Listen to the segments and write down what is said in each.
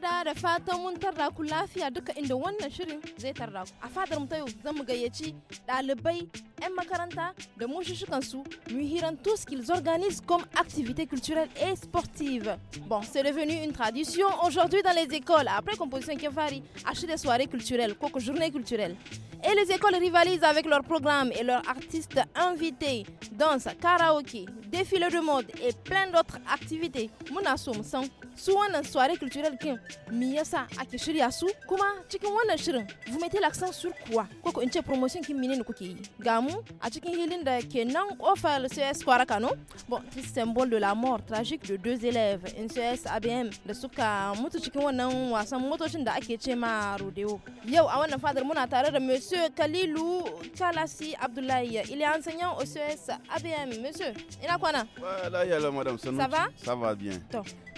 fada da fatan mun tarda ku lafiya duka inda wannan shirin zai tarda ku. A fadar mu ta zan mu gayyaci ɗalibai 'yan makaranta da mushushukansu mu hiran tout ce qu'ils organisent comme activité culturelle et sportive. Bon, c'est devenu une tradition aujourd'hui dans les écoles. Après Composition Kefari, acheter des soirées culturelles, quelques journée culturelle Et les écoles rivalisent avec leurs programmes et leurs artistes invités, danse, karaoké, défilé de mode et plein d'autres activités. Mounasoum sans su une soirée culturelle qui me yasa ake shirya su kuma cikin wannan shirin vous mettez l'accent sur quoi koko une ce promotion qui menene kuke yi ga mu a cikin hilin da ke offre le CS Kwara Kano bon c'est symbole de la mort tragique de deux élèves in CS ABM da suka mutu cikin wannan wasan motocin da ake ce ma rodeo yau a wannan fadar muna tare da monsieur Kalilu Kalasi Abdoulaye il est enseignant au CS ABM monsieur ina kwana voilà madame ça va ça va bien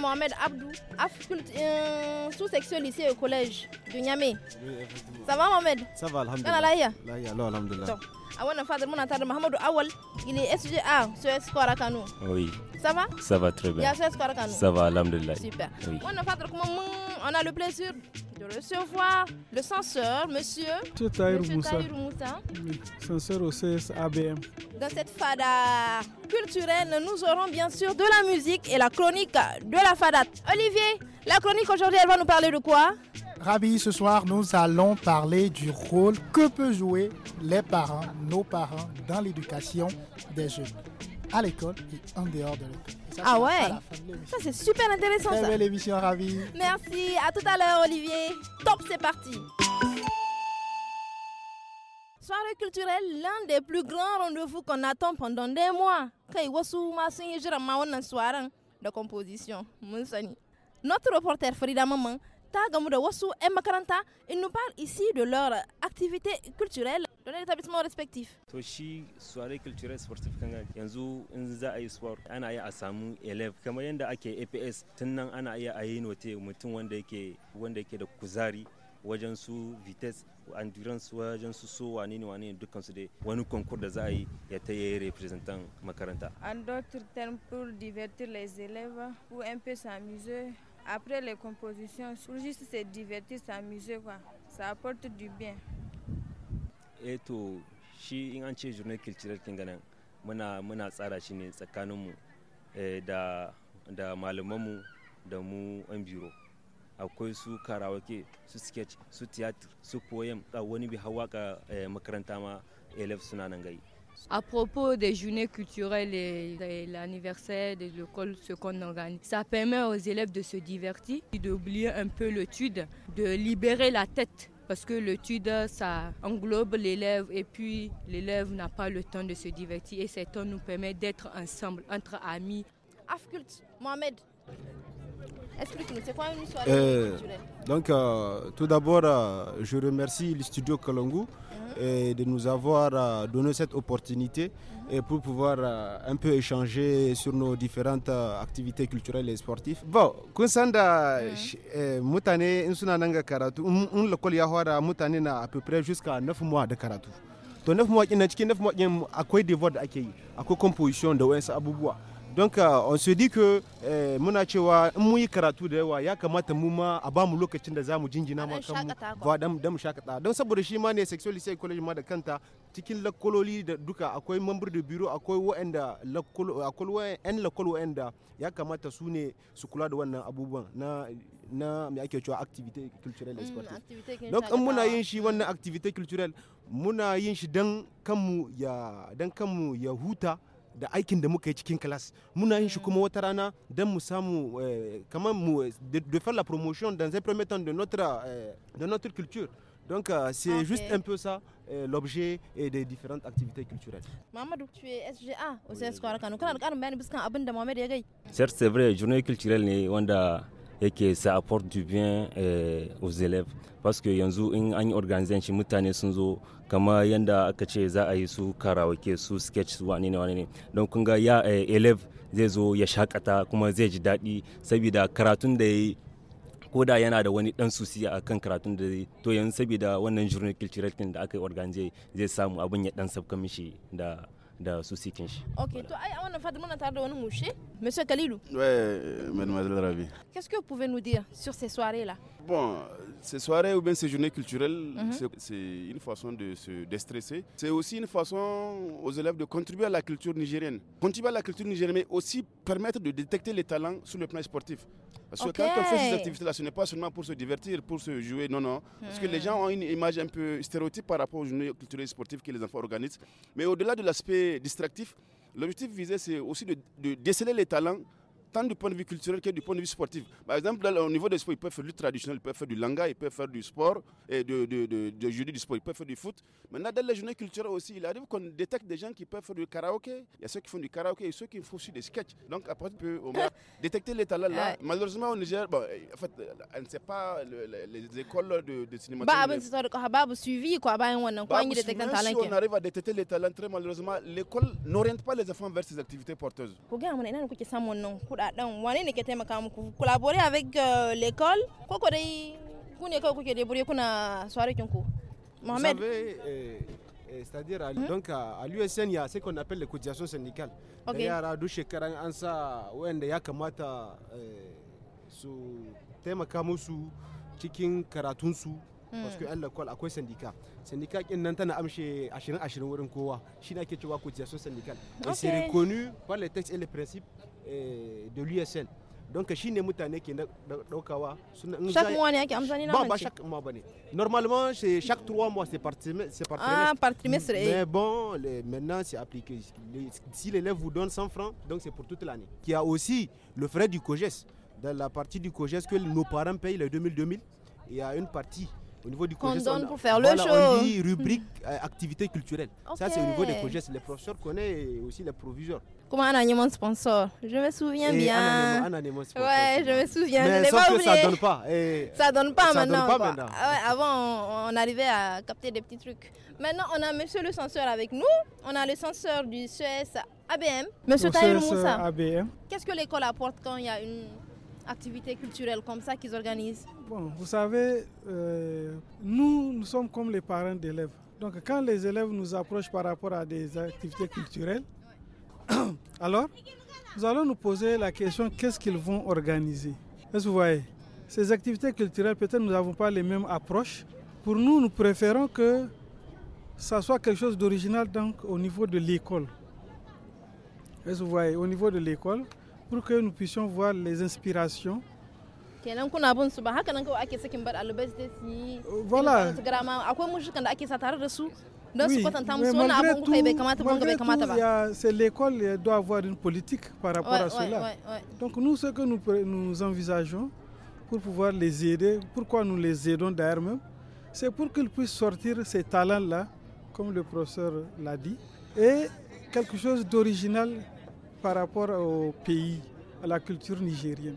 Mohamed Abdou, euh, sous-section lycée au collège de Niamey. Oui, ça va Mohamed Ça va, alhamdoulilah. alhamdoulilah. Awana ah, Fader Monatar Mohamed Awal, ah, il est SGA sur Escoara Kanou. Oui. Ça va Ça va très bien. Il y a sur Escoara Kanou. Ça va, alhamdoulilah. Super. Oui. Hmm, on a le plaisir de recevoir le censeur, monsieur, censeur au CSABM. Dans cette fada culturelle, nous aurons bien sûr de la musique et la chronique de la fada. Olivier, la chronique aujourd'hui, elle va nous parler de quoi Ravi, ce soir, nous allons parler du rôle que peuvent jouer les parents, nos parents, dans l'éducation des jeunes, à l'école et en dehors de l'école. Ah ouais Ça c'est super intéressant Très Merci, à tout à l'heure Olivier. Top, c'est parti. Soirée culturelle, l'un des plus grands rendez-vous qu'on attend pendant des mois. de composition. Notre reporter Frida Maman, de Wasu et Makaranta, il nous parle ici de leur activité culturelle dans les établissements respectifs. To shi soirée culturelle sportive kan yanzu in za a yi sport ana iya a samu élève kamar yanda ake EPS, tun nan ana iya a yi note mutum wanda yake wanda yake da kuzari wajen su vitesse endurance wajen su so wane ne wane ne dukkan su dai wani concours da za a yi ya ta yi representant makaranta. En d'autres termes pour divertir les élèves ou un peu s'amuser après les compositions, pour juste se divertir, s'amuser quoi. Ça apporte du bien eto eh shi in journal muna muna tsara mu su su sketch su su poem da wani bi hawa eh, À propos des journées culturelles et de l'anniversaire de l'école, secondaire, ça permet aux élèves de se divertir, d'oublier un peu l'étude, de libérer la tête parce que l'étude, ça englobe l'élève et puis l'élève n'a pas le temps de se divertir et cet temps nous permet d'être ensemble, entre amis. Afkult, Mohamed, explique-nous, c'est quoi une soirée euh, culturelle Donc, euh, tout d'abord, euh, je remercie le studio Kalangu et de nous avoir euh, donné cette opportunité mhm. et pour pouvoir euh, un peu échanger sur nos différentes euh, activités culturelles et sportives. Bon, mhm. eh, Karatu, à peu près jusqu'à 9 mois de Karatu. 9 mois, il y a 9 mois, il y a composition de donc ka euh, on se dit que eh, muna cewa in mun yi karatu da yawa ya kamata mu ma a bamu lokacin da zamu jinjina ma mu ba dan dan mu shakata don saboda shi ma ne sexuality psychology ma da kanta cikin lakkololi da duka akwai member da biro akwai wa'anda lakkol akwai en lakkol wa'anda ya kamata su ne su kula da wannan abubuwan na na me ake cewa activité culturelle et mm, sportive donc in muna yin shi wannan activité culturelle muna yin shi dan kanmu ya dan kanmu ya huta da aikin da muka yi cikin class muna yin shi kuma wata rana don mu samu eh, kamar mu eh, de faire la promotion dans un premier temps de notre eh, de notre culture donc euh, c'est okay. juste un peu ça l'objet des différentes activités culturelles. Mamadou, tu es SGA au CS Certes, c'est vrai, journée culturelle, wanda. yake sa apporte du bien euh, aux élèves parce que yanzu in an yi shi mutane sun zo kama yanda aka ce za a yi su karawake su sketch su wani ne wani ne don kun ga ya elev eh, zai zo ya shakata kuma zai ji daɗi saboda karatun da yi ko da yana da wani dan susi a kan karatun da zai to yanzu saboda wannan journal cultural da aka yi organize zai samu abin ya dan sabka mishi da da souci sikin ok to ai a le fadar de tare monsieur kalilu ouais euh, mademoiselle Ravi qu'est-ce que vous pouvez nous dire sur ces soirées là Bon, ces soirées ou bien ces journées culturelles, mhm. c'est une façon de se déstresser. C'est aussi une façon aux élèves de contribuer à la culture nigérienne. Contribuer à la culture nigérienne, mais aussi permettre de détecter les talents sur le plan sportif. Parce que quand on fait ces activités-là, ce n'est pas seulement pour se divertir, pour se jouer, non, non. Parce que mhm. les gens ont une image un peu stéréotype par rapport aux journées culturelles et sportives que les enfants organisent. Mais au-delà de l'aspect distractif, l'objectif visé, c'est aussi de, de déceler les talents du point de vue culturel que du point de vue sportif. Par exemple, au niveau des sports, ils peuvent faire du traditionnel, ils peuvent faire du langa, ils peuvent faire du sport, et de, de, jeudi du sport, ils peuvent faire du foot. Maintenant, dans les journées culturelles aussi, il arrive qu'on détecte des gens qui peuvent faire du karaoké. Il y a ceux qui font du karaoké et ceux qui font aussi des sketchs. Donc, après, on peut détecter les talents là. Malheureusement, au Niger, en fait, on ne sait pas les écoles de, cinéma. Bah, mais suivi quoi. Bah, on, bah, si on arrive à détecter les talents, très malheureusement, l'école n'oriente pas les enfants vers ces activités porteuses yara wani ne ke taimaka muku collaborer avec euh, l'école ko ko dai ku ne kawai kuke debure kuna soirée ku Mohamed eh, eh, c'est-à-dire à, hmm? donc à, l'USN il y a ce qu'on appelle les cotisations syndicales okay. yara duk shekaran an sa wanda ya kamata eh, su taimaka musu cikin karatunsu hmm. parce que yan lakwal akwai sindika sindika kin nan tana amshe 20-20 wurin kowa shi ne ake cewa cotisation syndicale et c'est reconnu par les textes et les principes eh, de USL Donc chaque mois bah, normalement c'est chaque trois mois c'est par c'est ah, par trimestre mais eh. bon maintenant c'est appliqué si l'élève vous donne 100 francs donc c'est pour toute l'année il y a aussi le frais du COGES dans la partie du COGES que nos parents payent les 2000 2000 il y a une partie au niveau du COGES, on, donne pour faire le show. On dit hmm. rubrique euh, activité culturelle. Ça, c'est au niveau des COGES. Les professeurs connaissent aussi les proviseurs. Comment on a sponsor Je me souviens eh, bien. Ouais, je me souviens. Mais ça donne donne pas ça maintenant. Donne pas maintenant. Ah avant, on, arrivait à capter des petits trucs. Maintenant, on a Monsieur le censeur avec nous. On a le censeur du CES ABM. Monsieur Tahir Moussa. ABM. Qu'est-ce que l'école apporte quand il y a une activité culturelle comme ça qu'ils organisent vous savez, euh, nous, nous sommes comme les parents d'élèves. Donc, quand les élèves nous approchent par rapport à des activités culturelles, Alors, nous allons nous poser la question qu'est-ce qu'ils vont organiser Est-ce vous voyez Ces activités culturelles, peut-être nous n'avons pas les mêmes approches. Pour nous, nous préférons que ça soit quelque chose d'original donc au niveau de l'école. Est-ce vous voyez Au niveau de l'école, pour que nous puissions voir les inspirations voilà c'est l'école doit avoir une politique par rapport à cela donc nous ce que nous nous envisageons pour pouvoir les aider pourquoi nous les aidons d'ailleurs même c'est pour qu'ils puissent sortir ces talents là comme le professeur l'a dit et quelque chose d'original par rapport au pays à la culture nigérienne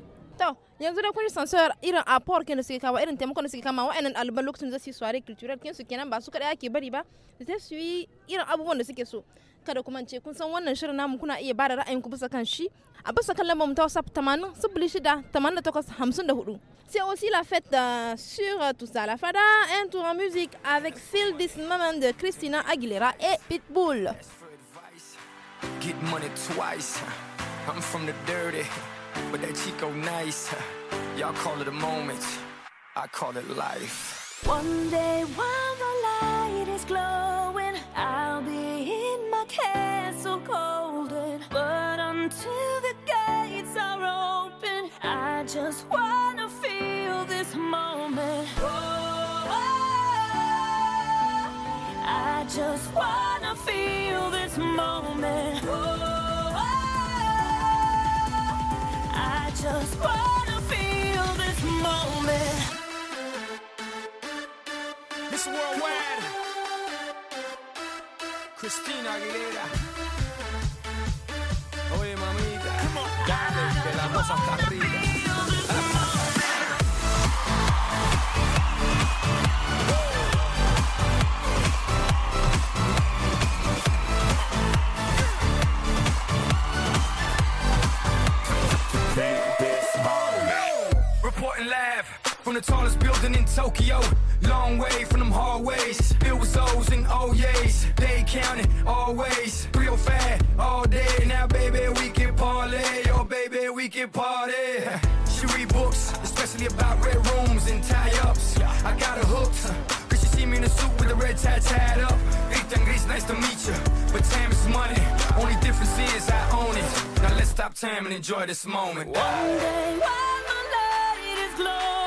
yanzu dai kun sansar irin apor kin da suke kawo irin taimakon da suke kama wa'annan ɗaliban lokacin da su yi soirée culturelle kin su kenan ba su kaɗai ake bari ba sai su yi irin abubuwan da suke so kada kuma ce kun san wannan shirin namu kuna iya bada ra'ayinku bisa kan shi a bisa kan lambar ta WhatsApp 80 06 88 C'est aussi la fête euh, sur euh, tout ça, la fada, un tour en musique avec Feel This Moment de Christina Aguilera et Pitbull. Get money twice. I'm from the dirty. But that Chico nice, y'all call it a moment, I call it life. One day while the light is glowing, I'll be in my castle golden. But until the gates are open, I just wanna feel this moment. Oh, oh, oh I just wanna feel. just wanna feel this moment. This worldwide. Christina Aguilera. Oye, mamita. Dale, que la cosa está rica. the tallest building in Tokyo. Long way from them hallways. Filled with O's and O's. Oh they counted always. Real fat all day. Now, baby, we can parlay. Oh, baby, we can party. She read books, especially about red rooms and tie ups. I got her hooked. Cause she see me in a suit with a red tie tied up. Ethan nice to meet you. But time is money. Only difference is I own it. Now, let's stop time and enjoy this moment. One day, while my light is glowing.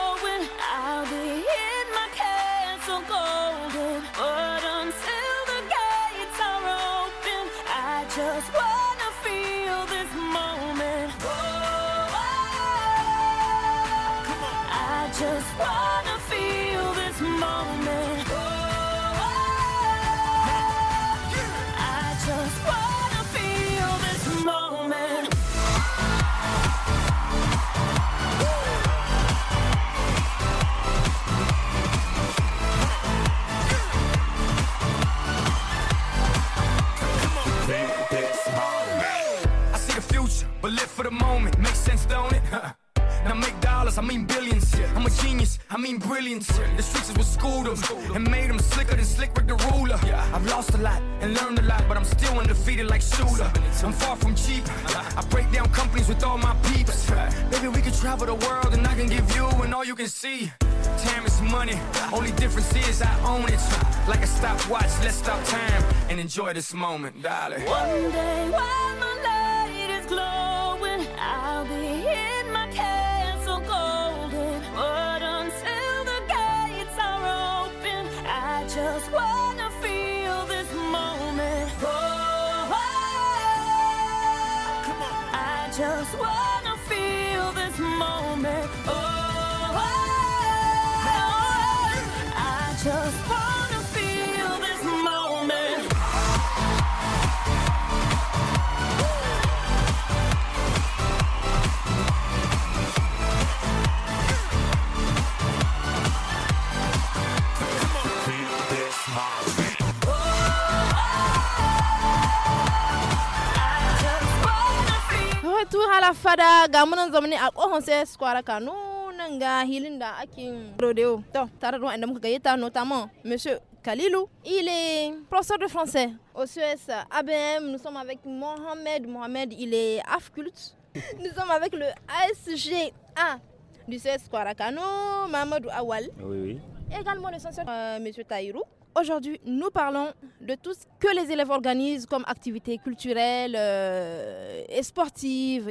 genius, I mean brilliance. The streets is what schooled them and made them slicker than slick with the ruler. I've lost a lot and learned a lot, but I'm still undefeated like Shooter. I'm far from cheap. I break down companies with all my peeps. Maybe we could travel the world and I can give you and all you can see. Time is money. Only difference is I own it. Like a stopwatch, let's stop time and enjoy this moment, darling. One day, one retour à la fada ga nan zamani a kohon sai squara kanu nan ga hilin da Akin rodeo to tare da wanda muka ta notamment monsieur Kalilou. Il est professeur de français au CES ABM. Nous sommes avec Mohamed. Mohamed, il est AFCULT. Nous sommes avec le ASGA du CES Kwarakano, Mamadou Awal. Oui, oui. Également le censeur euh, Monsieur Taïrou. Aujourd'hui, nous parlons de tout ce que les élèves organisent comme activités culturelles euh, et sportives.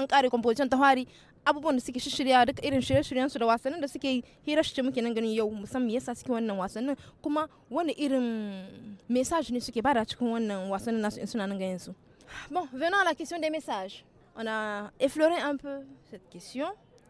an ƙare composition ta fari abubuwan da suke shirya duk irin shirye-shiryen su da wasannin da suke hira shi muke nan ganin yau musamman yasa suke wannan wasannin kuma wani irin message ne suke bada cikin wannan wasannin nasu in suna nan ganin su bon venons à la question des messages on a effleuré un peu cette question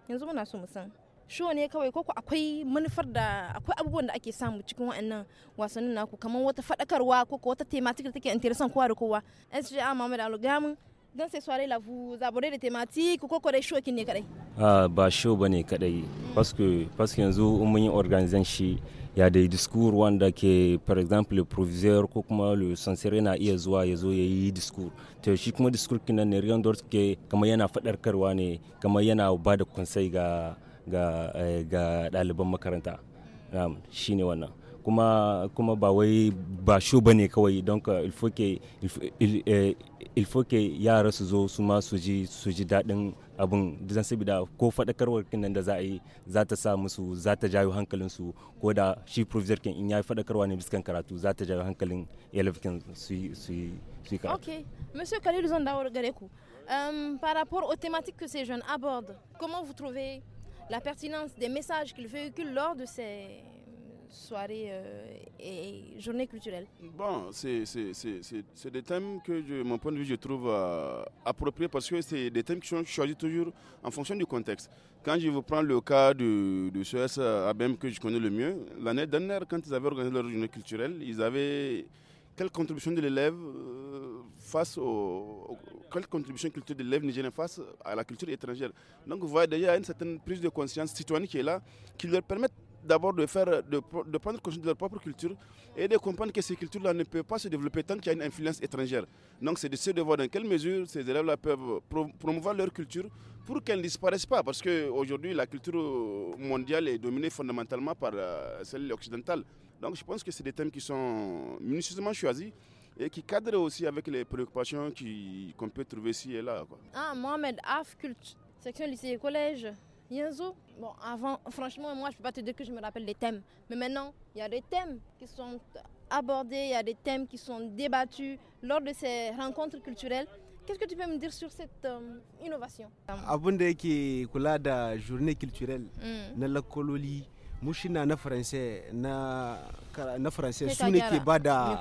yanzu muna so mu san sho ne kawai ko akwai manufar da akwai abubuwan da ake samu cikin wa'annan wasannin naku kamar wata faɗakarwa ko wata tematik da take interesan kowa da kowa SJA ah, Muhammad Alugamun don sai soirée la vous aborder des ko ko dai ne kadai ah ba show ne kadai mm. parce que parce yanzu mun yi organizan shi ya da diskur wanda ke par exemple provisor proviseur ko kuma le censeur na iya zuwa ya zo ya yi diskur ta shi kuma diskur kinan ne riyan dort ke kamar yana fadarkarwa ne kama yana ba da conseil ga ga eh, ga ɗaliban makaranta shi ne wannan kuma kuma ba wai ba shu bane kawai don ka ilfoke eh, yara su zo su ma su ji su ji daɗin abin don saboda ko faɗakarwar nan da za a yi za ta sa musu za ta jayo hankalin su ko da shi professor kin in ya faɗakarwa ne biskan karatu za ta jayo hankalin yalafkin su yi su yi karatu. ok monsieur Khalil zan dawo gare ku par rapport aux thématiques que ces jeunes abordent comment vous trouvez la pertinence des messages qu'il véhicule lors de ces soirées euh, et journées culturelles Bon, c'est des thèmes que, de mon point de vue, je trouve euh, appropriés parce que c'est des thèmes qui sont choisis toujours en fonction du contexte. Quand je vous prends le cas du, de CES SABM que je connais le mieux, l'année dernière, quand ils avaient organisé leur journée culturelle, ils avaient quelle contribution de l'élève euh, face aux contribution de l'élève nigérien face à la culture étrangère. Donc vous voyez déjà une certaine prise de conscience citoyenne qui est là, qui leur permet d'abord de, faire, de, prendre conscience de leur propre culture et de comprendre que ces cultures-là ne peuvent pas se développer tant qu'il y a une influence étrangère. Donc c'est de se voir dans quelle mesure ces élèves-là peuvent promouvoir leur culture pour qu'elle ne disparaisse pas. Parce qu'aujourd'hui, la culture mondiale est dominée fondamentalement par euh, celle occidentale. Donc je pense que c'est des thèmes qui sont minutieusement choisis et qui cadrent aussi avec les préoccupations qu'on peut trouver ici et là. Quoi. Ah, Mohamed Af, culte, section lycée et collège. Yenzo, bon, avant, franchement, moi, je peux pas te dire que je me rappelle des thèmes. Mais maintenant, il y a des thèmes qui sont abordés, il y a des thèmes qui sont débattus lors de ces rencontres culturelles. Qu'est-ce que tu peux me dire sur cette euh, innovation Avant de la journée culturelle, dans hmm. la colonie, mushina na faransa na na faransa su ba da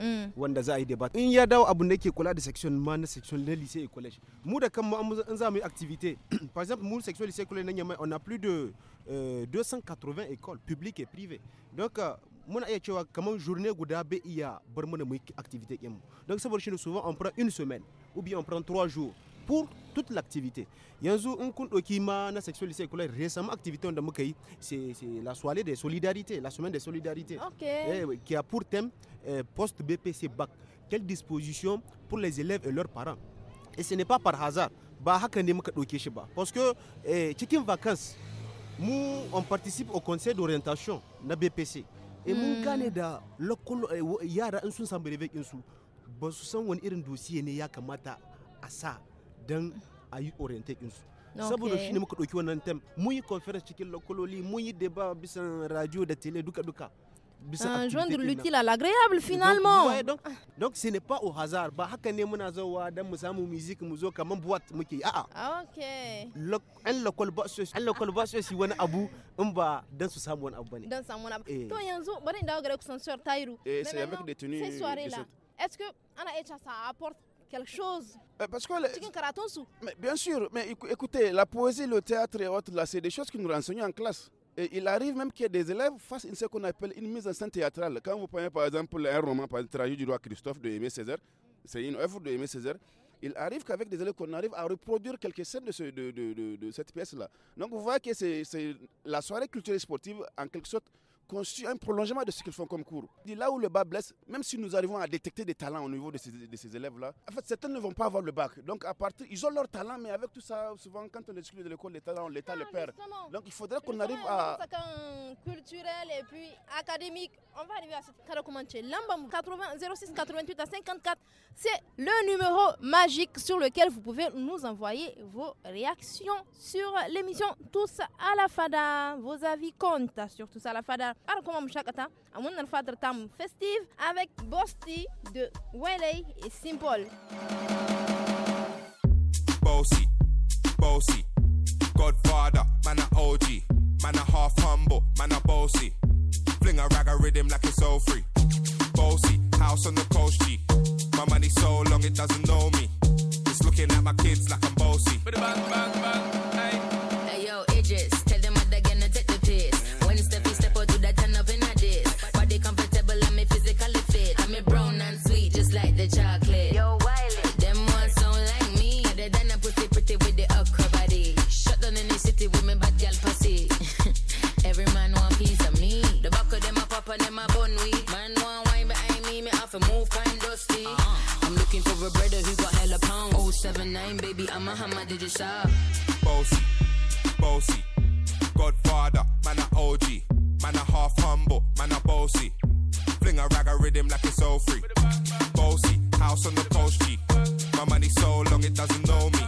mm. wanda za a yi in ya dawo abun da section section lycée et collège mu da kanmu an par exemple mu section lycée collège na on a plus de 280 euh, écoles publiques et privées donc euh, muna iya cewa journée guda be iya bar mana mu yi donc souvent on prend une semaine ou bien on prend trois jours pour toute l'activité. Yanzu y kun une ma na sexual kula récemment activité on c'est la soirée des solidarités, la semaine des solidarités. OK. Eh qui a pour thème eh, post BPC bac. Quelle disposition pour les élèves et leurs parents Et ce n'est pas par hasard. Bah haka ne muka doke shi ba. Parce que eh, cikin vacances mu on participe au conseil d'orientation na BPC. Et mon Canada, il y yara un sun samu revek su ba su san wani irin dossier ne ya kamata a dan a yi orientate ɗinsu saboda shi ne muka ɗauki wannan tem muy yi conference cikin lokololi muy yi deba bisan radio da tele duka-duka Un joindre l'utile à l'agréable finalement. Donc, ouais, donc, donc ce n'est pas au hasard. ba haka ne muna zo wa dan mu samu music mu zo kaman boîte muke. a a ah, OK. An lokal ba su an lokal ba wani abu in ba dan su samu wani abu bane. Dan samu wani abu. Eh. To yanzu bari in dawo gare ku san sansor Tairu. Eh, c'est avec des tenues. Ces soirées là. Est-ce que ana Echa ça apporte quelque chose. Euh, parce que les... mais bien sûr, mais écoutez, la poésie, le théâtre et autres, là, c'est des choses qui nous renseignent en classe. Et il arrive même qu'il y ait des élèves fassent ce qu'on appelle une mise en scène théâtrale. Quand vous prenez par exemple un roman, par exemple, Tragédie du roi Christophe de Aimé Césaire, c'est une œuvre de Aimé Césaire. Il arrive qu'avec des élèves qu'on arrive à reproduire quelques scènes de, ce, de, de cette pièce-là. Donc vous voyez que c'est la soirée culturelle sportive, en quelque sorte, conçu un prolongement de ce qu'ils font comme cours. Là où le bas blesse, même si nous arrivons à détecter des talents au niveau de ces, élèves-là, en fait, certains ne vont pas avoir le bac. Donc, à partir, ils ont leur talent, mais avec tout ça, souvent, quand on exclut de l'école, les talents, l'État le perd. Donc, il faudrait qu'on arrive à. culturel et puis académique on va arriver à cette Karakomanche. Lambam 80 06 88 à 54, c'est le numéro magique sur lequel vous pouvez nous envoyer vos réactions sur l'émission Tous à la Fada. Vos avis comptent sur Tous à la Fada. Alors Arakomam chacun à al fadre Tam Festive avec Bosti de Weley et Simple. Bossy, Bossy, Godfather, man a OG, man a half humble, man bossy. Fling a rag a rhythm like it's all free. Bossy, house on the coast, G. My money so long it doesn't know me. It's looking at my kids like I'm bossy. bang, bang, bang, hey. Hey yo, Idris. move, dusty. Uh-huh. I'm looking for a brother who got hella pounds. Oh, 079, baby, I'm a hammer, did you saw? Bossy, bossy. Godfather, man a OG. Man a half humble, man a bossy. Fling a rag a rhythm like it's all free. Bossy, house on the post G. My money so long it doesn't know me.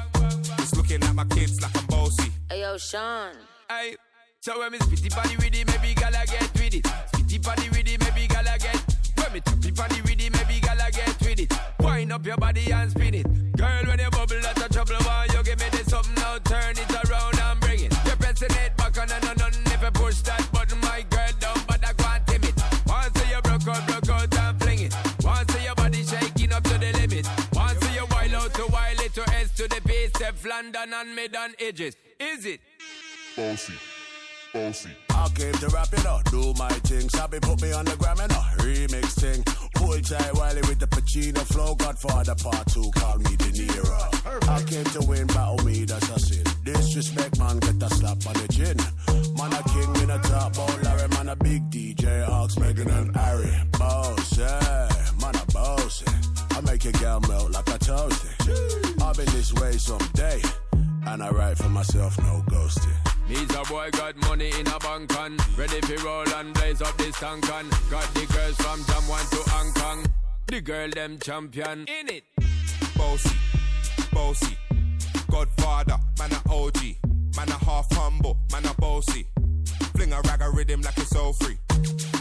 It's looking at my kids like I'm bossy. Hey, yo, Sean. Hey. So when me spitty body with it, maybe gala get with it. Spitty body with it, maybe gala get vomit. If I with it, maybe I get with it. Wind up your body and spin it. Girl, when you bubble, that's a trouble. Why you give me this something now? Turn it around and bring it. You're pressing it back on and on and if you push that button, my girl down, but I can't tame it. Once you broke out, broke out and fling it. Once your body shaking up to the limit. Once you wild out to wild it to S to the base, London and mid on edges. Is it? Bossy bossy. I came to rap it up, do my thing. Sabi put me on the gram and a remix thing. Pull tight Wiley with the Pacino flow. Godfather part two, call me De Niro. I came to win, battle me, that's a sin. Disrespect, man, get a slap on the chin. Man, a king in a top, oh Larry, man, a big DJ, Ox, Megan and Harry. Boss, yeah, man, a bossy. I make your girl melt like a toasty. I've been this way someday, and I write for myself, no ghosting. He's a boy, got money in a bank and Ready for roll and blaze up this tank and Got the girls from Jam 1 to Hong Kong. The girl, them champion. In it. Bossy, bossy. Godfather, man a OG. Man a half humble, man a bossy. Fling a rag a rhythm like it's all free.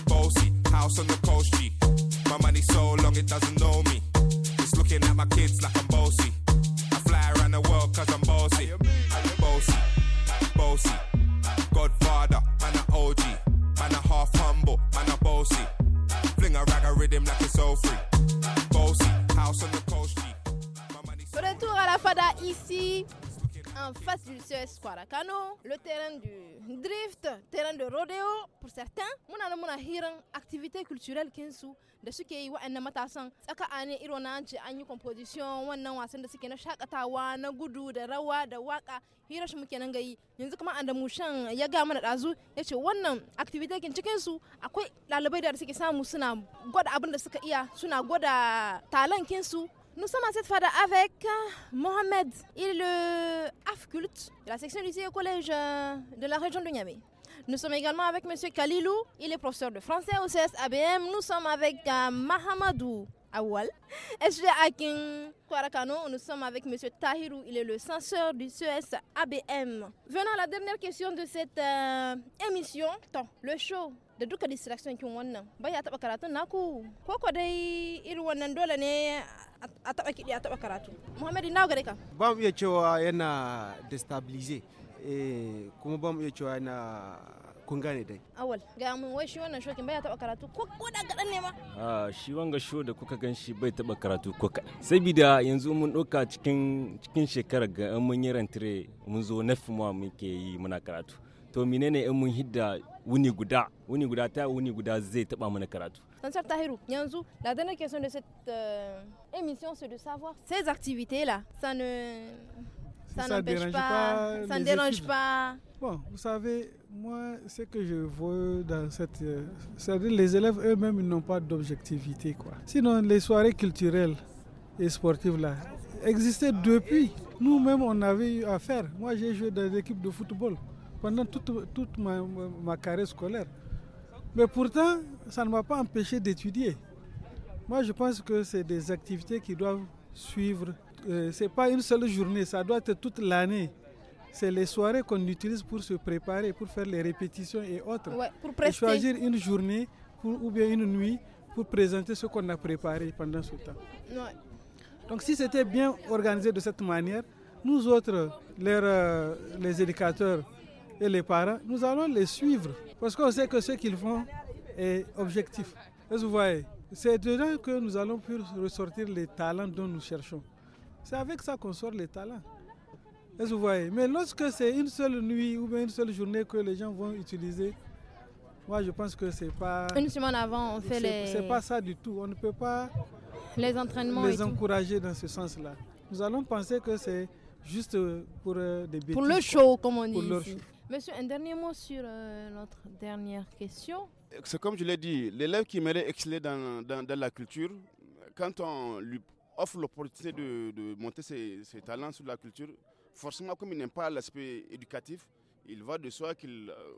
Bossy, house on the coast G. My money so long it doesn't know me. It's looking at my kids like I'm bossy. I fly around the world cause I'm bossy. I'm bossy bossy. Godfather, man a OG. Man a half humble, man a bossy. Fling a rag a rhythm like it's all free. Bossy, house on the coast. Retour à la fada ici en face du CS Kwarakano, le terrain du drift, terrain de rodeo pour certains. Muna da muna hiran activité culturelle kinsu da suke yi wa'annan matasan tsaka ane iro na an ce an yi composition wannan wasan da suke na shakatawa na gudu da rawa da waka hira shi muke nan gayi yanzu kuma an da mushan ya ga mana dazu ya ce wannan activité kin cikin su akwai ɗalibai da suke samu suna gwada abin da suka iya suna gwada talan kinsu Nous sommes à cette fada avec euh, Mohamed. Il est le AFCULT de la section lycée au collège euh, de la région de Niamey. Nous sommes également avec M. Kalilou. Il est professeur de français au ABM. Nous sommes avec euh, Mahamadou Awal. SG Akin Kwarakano. Nous sommes avec M. Tahirou. Il est le censeur du ABM. Venant à la dernière question de cette émission, émission. Le show de duka distraction qui wannan bai dai ne a taba kiɗi a taba karatu muhammadu na gare ka ba mu iya cewa yana destabilize eh, kuma ba mu iya cewa yana kun gane dai awal ga mu wai shi wannan shokin bai taba karatu ko ko da kadan ne ma a ah, shi wanga sho da kuka gan shi bai taba karatu ko kadan saboda yanzu mun doka cikin cikin shekara ga mun yi rantire mun zo nafi mu muke yi muna karatu to menene in mun hidda wuni guda wuni guda ta wuni guda zai taba mana karatu la dernière question de cette euh, émission, c'est de savoir ces activités-là, ça ne. n'empêche pas, ça ne dérange pas. Bon, vous savez, moi, ce que je vois dans cette. Euh, c'est-à-dire, les élèves eux-mêmes, n'ont pas d'objectivité, quoi. Sinon, les soirées culturelles et sportives, là, existaient depuis. Nous-mêmes, on avait eu affaire. Moi, j'ai joué dans l'équipe de football pendant toute, ma carrière scolaire. Mais pourtant, ça ne m'a pas empêché d'étudier. Moi, je pense que c'est des activités qui doivent suivre. Euh, c'est ce n'est pas une seule journée, ça doit être toute l'année. C'est les soirées qu'on utilise pour se préparer, pour faire les répétitions et autres. pour choisir une journée ou bien une nuit pour présenter ce qu'on a préparé pendant ce temps. Donc si c'était bien organisé de cette manière, nous autres, les, euh, les éducateurs, et les parents, nous allons les suivre parce qu'on sait que ce qu'ils font est objectif. Et vous voyez, c'est dedans que nous allons pouvoir ressortir les talents dont nous cherchons. C'est avec ça qu'on sort les talents. vous voyez, mais lorsque c'est une seule nuit ou bien une seule journée que les gens vont utiliser, moi je pense que c'est pas. Une semaine avant, on fait les. C'est pas ça du tout. On ne peut pas. Les entraînements. Les encourager dans ce sens-là. Nous allons penser que c'est juste euh, pour euh, des bêtises. Pour le show, comme on dit. Monsieur, un dernier mot sur euh, notre dernière question. C'est comme je l'ai dit, l'élève qui aimerait exceller dans, la culture, quand on lui offre l'opportunité de, monter ses talents sur la culture, forcément, comme il n'aime pas l'aspect éducatif, il va de soi qu'il euh,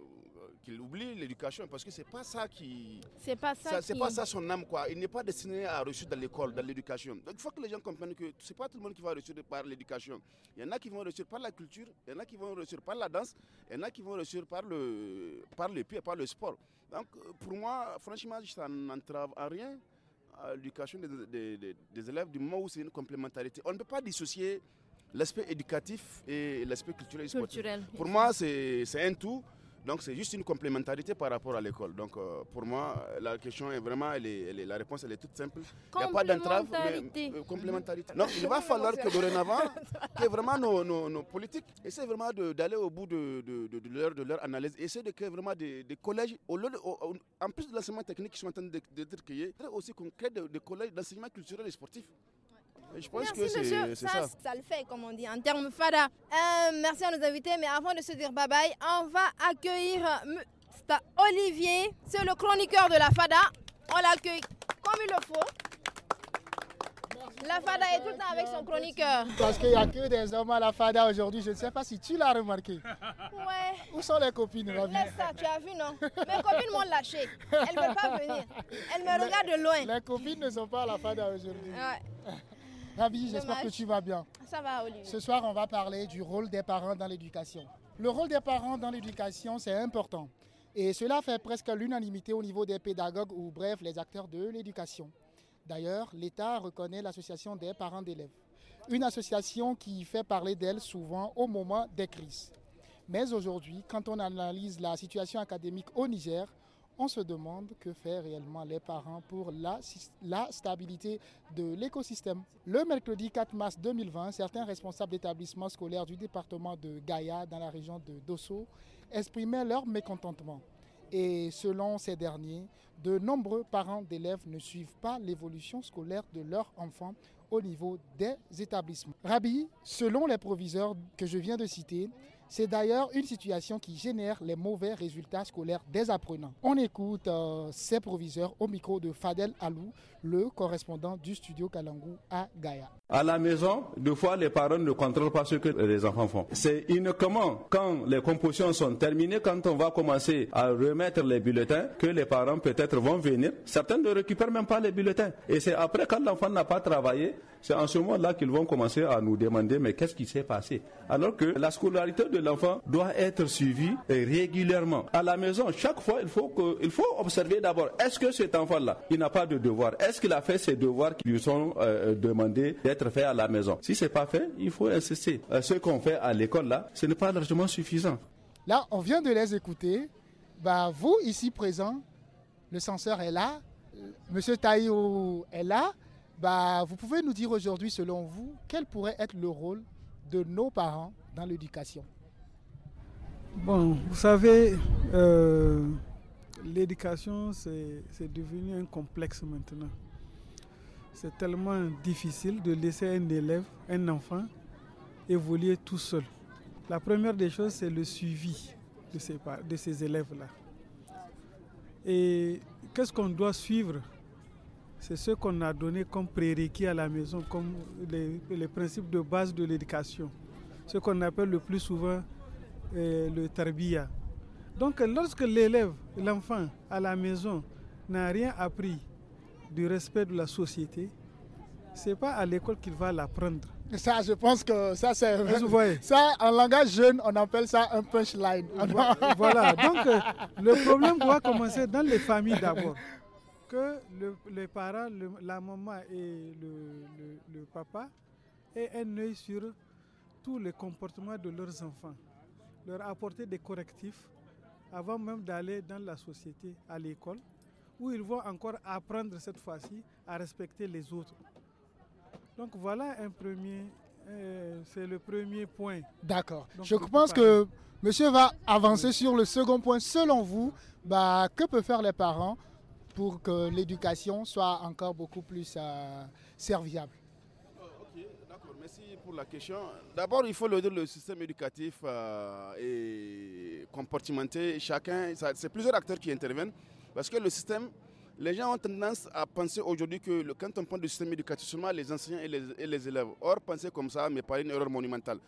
qu'il oublie l'éducation parce que c'est pas ça qui c'est pas ça, c'est pas ça son âme quoi il n'est pas destiné à réussir dans l'école dans l'éducation donc il faut que les gens comprennent que c'est pas tout le monde qui va réussir par l'éducation il y en a qui vont réussir par la culture il y en a qui vont réussir par la danse il y en a qui vont réussir par le par le pied par le sport donc euh, pour moi franchement ça n'entrave à rien l'éducation des, des élèves du moment où c'est une complémentarité on ne peut pas dissocier l'aspect éducatif et l'aspect culturel et sportif. pour moi, c'est un tout. Donc c'est juste une complémentarité par rapport à l'école. Donc euh, pour moi, la question est vraiment, la réponse elle est toute simple. Il n'y a pas d'entrave, mais complémentarité. Donc euh, il va falloir que dorénavant, que vraiment nos, nos, politiques essaient vraiment d'aller au bout de, de, leur, analyse, essaient de créer vraiment des, collèges, en plus de l'enseignement technique qui sont en train d'être créés, aussi qu'on crée des collèges d'enseignement culturel et sportif. Je pense merci, que c'est ça, le fait, comme on dit, en termes fada. Euh, merci à nos invités, mais avant de se dire bye bye, on va accueillir Olivier. C'est le chroniqueur de la fada. On l'accueille comme il le faut. La FADA est tout le temps avec son chroniqueur. Parce qu'il n'y a que des hommes à la FADA aujourd'hui. Je ne sais pas si tu l'as remarqué. Ouais. Où sont les copines, la Laisse ça, tu as vu, non Mes copines m'ont lâché. Elles ne veulent pas venir. Elles me regardent de loin. Les copines ne sont pas à la FADA aujourd'hui. Ouais. Ravi, j'espère que tu vas bien. Ça va, Olivier. Ce soir, on va parler du rôle des parents dans l'éducation. Le rôle des parents dans l'éducation, c'est important. Et cela fait presque l'unanimité au niveau des pédagogues ou bref, les acteurs de l'éducation. D'ailleurs, l'État reconnaît l'association des parents d'élèves, une association qui fait parler d'elle souvent au moment des crises. Mais aujourd'hui, quand on analyse la situation académique au Niger, on se demande que faire réellement les parents pour la, la stabilité de l'écosystème. Le mercredi 4 mars 2020, certains responsables d'établissements scolaires du département de Gaïa, dans la région de Dosso, exprimaient leur mécontentement. Et selon ces derniers, de nombreux parents d'élèves ne suivent pas l'évolution scolaire de leurs enfants au niveau des établissements. Rabi, selon les proviseurs que je viens de citer, c'est d'ailleurs une situation qui génère les mauvais résultats scolaires des apprenants. On écoute ces euh, proviseurs au micro de Fadel Alou, le correspondant du studio Kalangou à Gaïa. À la maison, deux fois, les parents ne contrôlent pas ce que les enfants font. C'est uniquement quand les compositions sont terminées, quand on va commencer à remettre les bulletins, que les parents peut-être vont venir. Certains ne récupèrent même pas les bulletins. Et c'est après, quand l'enfant n'a pas travaillé, c'est en ce moment-là qu'ils vont commencer à nous demander mais qu'est-ce qui s'est passé Alors que la scolarité de l'enfant doit être suivie eh, régulièrement. À la maison, chaque fois, il faut, faut observer d'abord, est-ce que cet enfant-là, il n'a pas de devoir Est-ce qu'il a fait ses devoirs qui lui sont euh, euh, demandés d'être fait à la maison Si ce n'est pas fait, il faut insister. Euh, ce qu'on fait à l'école-là, ce n'est pas largement suffisant. Là, on vient de les écouter. Bah, vous, ici présents, le censeur est là, Monsieur Taïou est là, bah, vous pouvez nous dire aujourd'hui, selon vous, quel pourrait être le rôle de nos parents dans l'éducation Bon, vous savez, euh, l'éducation, c'est devenu un complexe maintenant. C'est tellement difficile de laisser un élève, un enfant, évoluer tout seul. La première des choses, c'est le suivi de ces élèves-là. Et qu'est-ce qu'on doit suivre c'est ce qu'on a donné comme prérequis à la maison, comme les, principes de base de l'éducation. Ce qu'on appelle le plus souvent euh, le tarbiya. Donc lorsque l'élève, l'enfant à la maison n'a rien appris du respect de la société, ce n'est pas à l'école qu'il va l'apprendre. Ça, je pense que ça, c'est. Ça, en langage jeune, on appelle ça un punchline. Voilà. Donc, euh, le problème doit commencer dans les familles d'abord que le, les parents, la maman et le, papa aient un œil sur tous les comportements de leurs enfants, leur apporter des correctifs avant même d'aller dans la société, à l'école, où ils vont encore apprendre cette fois-ci à respecter les autres. Donc voilà un premier, euh, c'est le premier point. D'accord. Je pense que monsieur va avancer sur le second point. Selon vous, bah, que peuvent faire les parents pour que l'éducation soit encore beaucoup plus euh, serviable. Oh, ok, D'accord, merci pour la question. D'abord, il faut le dire, le système éducatif euh, est compartimenté. Chacun, c'est plusieurs acteurs qui interviennent. Parce que le système, les gens ont tendance à penser aujourd'hui que le, quand on parle du système éducatif, seulement les enseignants et les, élèves. Or, penser comme ça mais paraît une erreur monumentale.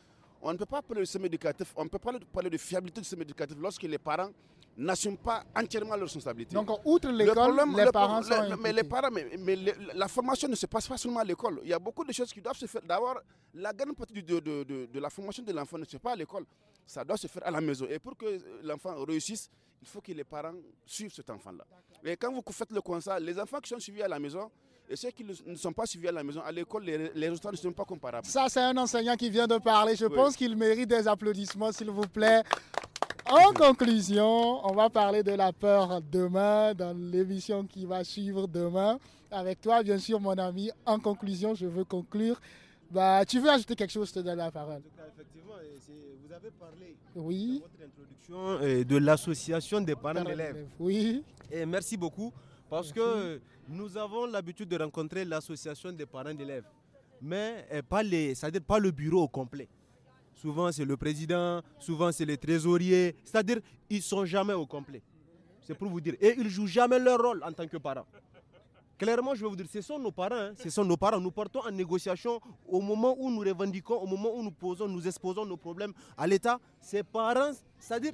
On ne peut pas parler du système éducatif, on ne peut pas parler de fiabilité du système éducatif lorsque les parents n'assument pas entièrement leurs responsabilités. Donc, outre l'école, les, parents sont mais les parents Mais, la formation ne se passe pas seulement à l'école. Il y a beaucoup de choses qui doivent se faire. D'abord, la grande partie de, de, la formation de l'enfant ne se fait pas à l'école. Ça doit se faire à la maison. Et pour que l'enfant réussisse, il faut que les parents suivent cet enfant-là. Et quand vous faites le constat, les enfants qui sont suivis à la maison, et ceux qui ne sont pas suivis à la maison, à l'école, les, résultats ne sont pas comparables. Ça, c'est un enseignant qui vient de parler. Je pense qu'il mérite des applaudissements, s'il vous plaît. En conclusion, on va parler de la peur demain, dans l'émission qui va suivre demain. Avec toi, bien sûr, mon ami. En conclusion, je veux conclure. Bah, tu veux ajouter quelque chose, je te donne la parole. Effectivement, vous avez parlé oui. dans votre introduction de l'association des parents d'élèves. Oui. Et merci beaucoup parce que euh, nous avons l'habitude de rencontrer l'association des parents d'élèves, mais euh, pas, les, ça dire pas le bureau au complet souvent c'est le président, souvent c'est les trésoriers. C'est-à-dire, ils ne sont jamais au complet. C'est pour vous dire. Et ils ne jouent jamais leur rôle en tant que parents. Clairement, je vais vous dire, ce sont nos parents, hein. ce sont nos parents. Nous partons en négociation au moment où nous revendiquons, au moment où nous posons, nous exposons nos problèmes à l'État. Ces parents, c'est-à-dire,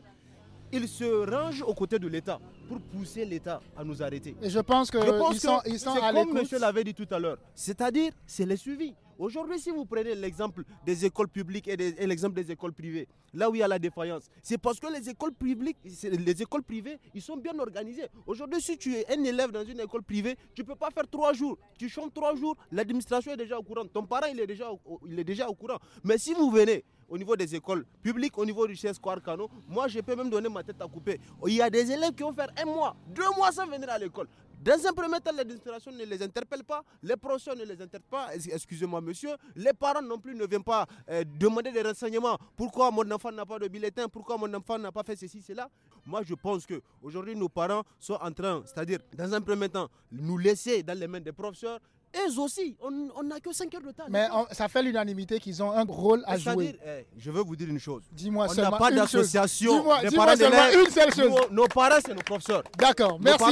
ils se rangent aux côtés de l'État pour pousser l'État à nous arrêter. Et je pense que, ils, sont, ils comme Monsieur l'avait dit tout à l'heure. C'est-à-dire, c'est les suivis. Aujourd'hui, si vous prenez l'exemple des écoles publiques et, l'exemple des écoles privées, là où il y a la défaillance, c'est parce que les écoles publiques, les écoles privées, ils sont bien organisées. Aujourd'hui, si tu es un élève dans une école privée, tu ne peux pas faire trois jours. Tu chantes trois jours, l'administration est déjà au courant. Ton parent, il est déjà au, il est déjà au courant. Mais si vous venez au niveau des écoles publiques, au niveau du CS Cano, moi je peux même donner ma tête à couper. Il y a des élèves qui vont faire un mois, deux mois sans venir à l'école. Dans un premier temps, les administrations ne les interpelle pas, les professeurs ne les interpellent pas, excusez-moi monsieur, les parents non plus ne viennent pas euh, demander des renseignements. Pourquoi mon enfant n'a pas de bulletin Pourquoi mon enfant n'a pas fait ceci, cela Moi, je pense que aujourd'hui nos parents sont en train, c'est-à-dire, dans un premier temps, nous laisser dans les mains des professeurs, eux aussi, on n'a que 5 heures de temps. Mais ça fait l'unanimité qu'ils ont un rôle à jouer. Eh, je veux vous dire une chose. Dis-moi seulement. On n'a pas d'association. des parents dis seulement une seule chose. Nos, parents, c'est nos professeurs. D'accord, merci.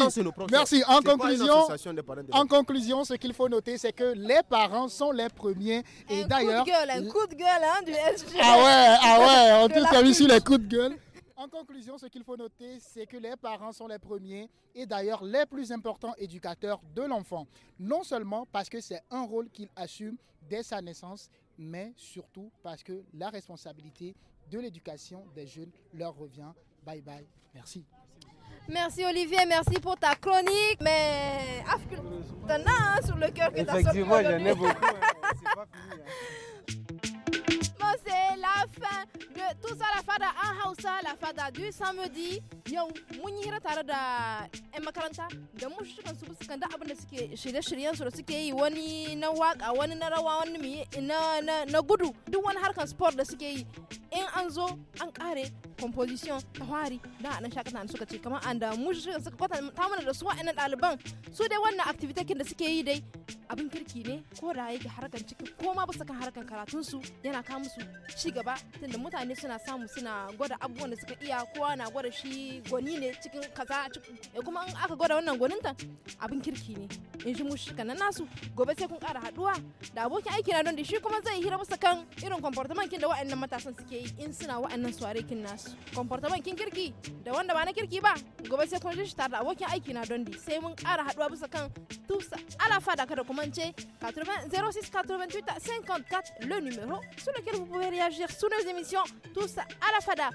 merci. En conclusion, en conclusion, ce qu'il faut noter, c'est que les parents sont les premiers. Et d'ailleurs. Un coup de gueule, un coup de gueule hein, du SG. Ah ouais, ah ouais, on te a vu sur les coups de gueule. En conclusion, ce qu'il faut noter, c'est que les parents sont les premiers et d'ailleurs les plus importants éducateurs de l'enfant. Non seulement parce que c'est un rôle qu'il assume dès sa naissance, mais surtout parce que la responsabilité de l'éducation des jeunes leur revient. Bye bye. Merci. Merci Olivier, merci pour ta chronique. Mais t'en as un sur le cœur que t'as Effectivement, j'en ai beaucoup. Hein. Hein. c'est la fin de tout ça la fada en Hausa, la fada du samedi. Yau mun yi hira tare da 'yan makaranta da mu shi su fuskan da abin da suke shirye-shiryen su da suke yi wani na waka wani na rawa wani na, gudu duk wani harkar sport da suke yi in an zo an kare composition ta hwari da nan shakata suka ce kamar an da mu shi suka kwatanta mana da su wa'annan ɗaliban su dai wannan activity kin da suke yi dai abin kirki ne ko da yake harkan ciki ko ma ba su kan harkan karatunsu yana kawo musu su ci gaba tunda mutane suna samu suna gwada abubuwan da suka iya kowa na gwada shi gwani ne cikin kaza eh, kuma in aka gwada wannan ta abin kirki ne in ji mushi kanan nasu gobe sai kun kara haduwa da abokin aiki na don da shi kuma zai hira musu kan irin comportement kin da wa'annan matasan suke yi in suna wa'annan suware kin nasu comportement kin kirki da wanda ba na kirki ba gobe sai kun ji shi tare da abokin aiki na don sai mun kara haduwa bisa kan tusa alafa da kada kuma ce 06 88 54 le numero sur lequel vous pouvez réagir sous nos émissions, tous à la FADA.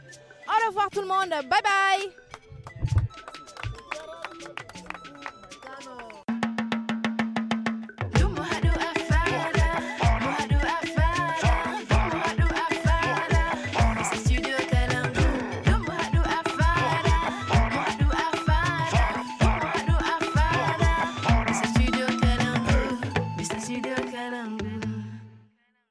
Au revoir tout le monde, bye bye